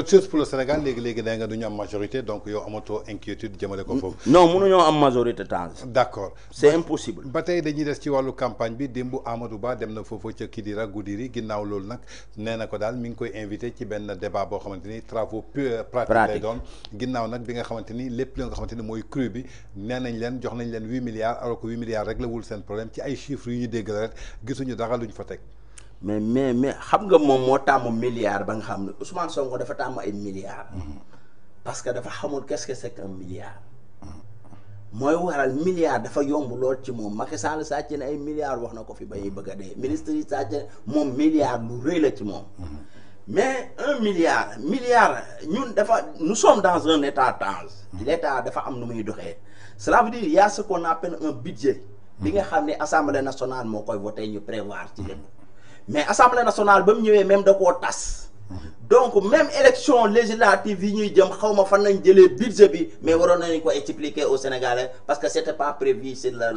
autre chose pour le Sénégal léegi léegi nee nga du ñu am majorité donc yow amatoo inquiétude jëmale ko foofu. non mënuñoo am majorité temps. D'accord. C'est impossible. ba tey dañuy des ci wàllu campagne bi démb Amadouba dem na fofu ci Kidira Goudiri ginnaw loolu nak nee ko dal mi ngi koy inviter ci ben débat bo xamanteni ni travaux euh, pratiques lay doon ginnaw nak bi nga xamanteni lepp li nga xamanteni moy cru bi nee len jox nañ len 8 milliards alors que huit milliards rek la wul sen problème ci ay chiffres yu ñu dégg la rek gisuñu dara luñ fa tek mais mais mais xam nga moom moo tàmm milliard ba nga xam ni Ousmane Sonko dafa tam ay milliards. parce que dafa xamul qu'est-ce que c'est qu'un milliard. moy waral milliard dafa yomb lol ci mom Macky Sall sàcc na ay milliards wax nako fi ba ñuy bëgg a ministre yi sàcc moom milliard lu reuy la ci mom mais un milliard milliard ñun dafa nous sommes dans un état temps. l'état dafa am nu muy doxé cela veut dire il y a ce qu'on appelle un budget. bi nga xam assemblée nationale moo koy voté ñu prévoir ci lépp mais assemblée nationale bam ñëwé même da koo tas donc même élection législative yi ñuy jëm xawma ma fan nañ jëlé budget bi mais waroon nañ ko expliquer au Sénégalais parce que c'était pas prévu c'est la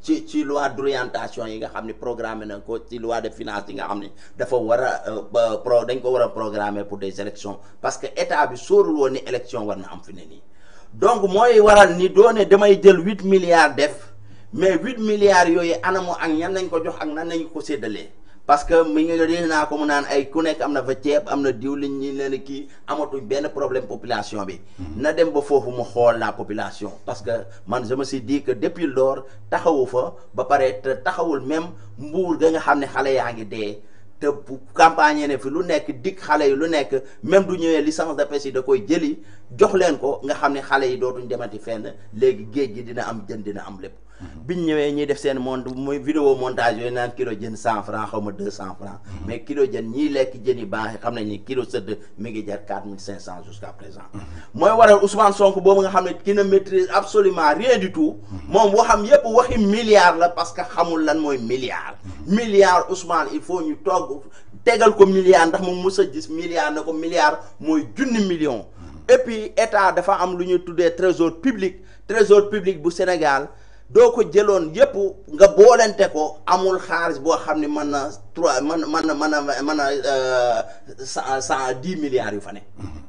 ci ci loi d'orientation yi nga xamni ne programme nañ ko ci loi de finances yi nga xamni dafa wara euh, pro dañ ko wara a programmer pour des élections parce que état bi sóorul woni élection war na am fi ne nii donc moy waral ni doone damay jël 8 milliards def mais 8 milliards yoy anamu ak ñan lañ ko jox ak nan nañ ko sédalé parce que mi ngi dégg naa ko mu naan ay ku nekk am na fa ceeb am na diwlin ñi leen kii amatuñ benn problème population bi. Mhm. na dem ba foofu mu xool la population. parce que man je me suis ko que depuis lors taxawu fa ba pare te taxawul même mbuur ga nga xam ne xale yaa ngi dee. te bu campagne ne fi lu nekk dikk xale yi lu nekk même du ñëwee licence de pêche yi da koy jëli jox leen ko nga xam ni xale yi dootuñ demati fenn léegi géej gi dina am jën dina am lépp. biñ ñëwé ñi def seen monde muy vidéo montage yooyu naan kilo francs, 100 francs. xaw 200 francs mm-hmm. mais kilo jën ñi lek jën baax ni kilo sëdd mi ngi jar 4500 jusqu'à présent moy mm-hmm. waral Ousmane Sonko bo nga xamné ne ne maîtrise absolument rien du tout que mm-hmm. waxam yépp waxi milliard la parce que xamul lan un milliard milliard Ousmane il faut ñu togg tégal ko milliard ndax mom mësa gis milliard nako milliard moy junni million et puis état dafa am lu trésor public trésor public bu Sénégal doo ko jëloon yëpp nga boolente ko amul xaalis boo xam ni mën na trois mën mën na mën na mën na euh, cent dix milliards yu fa ne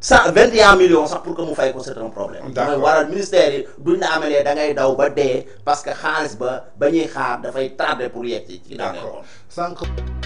sa vingt et un millions sax pour que mu fay ko c'est un problème mooy waral ministère yi duñ la amee da ngay daw ba dee parce que xaalis ba ba ñuy xaar dafay tardé pour yegg ci ci d'accord sànq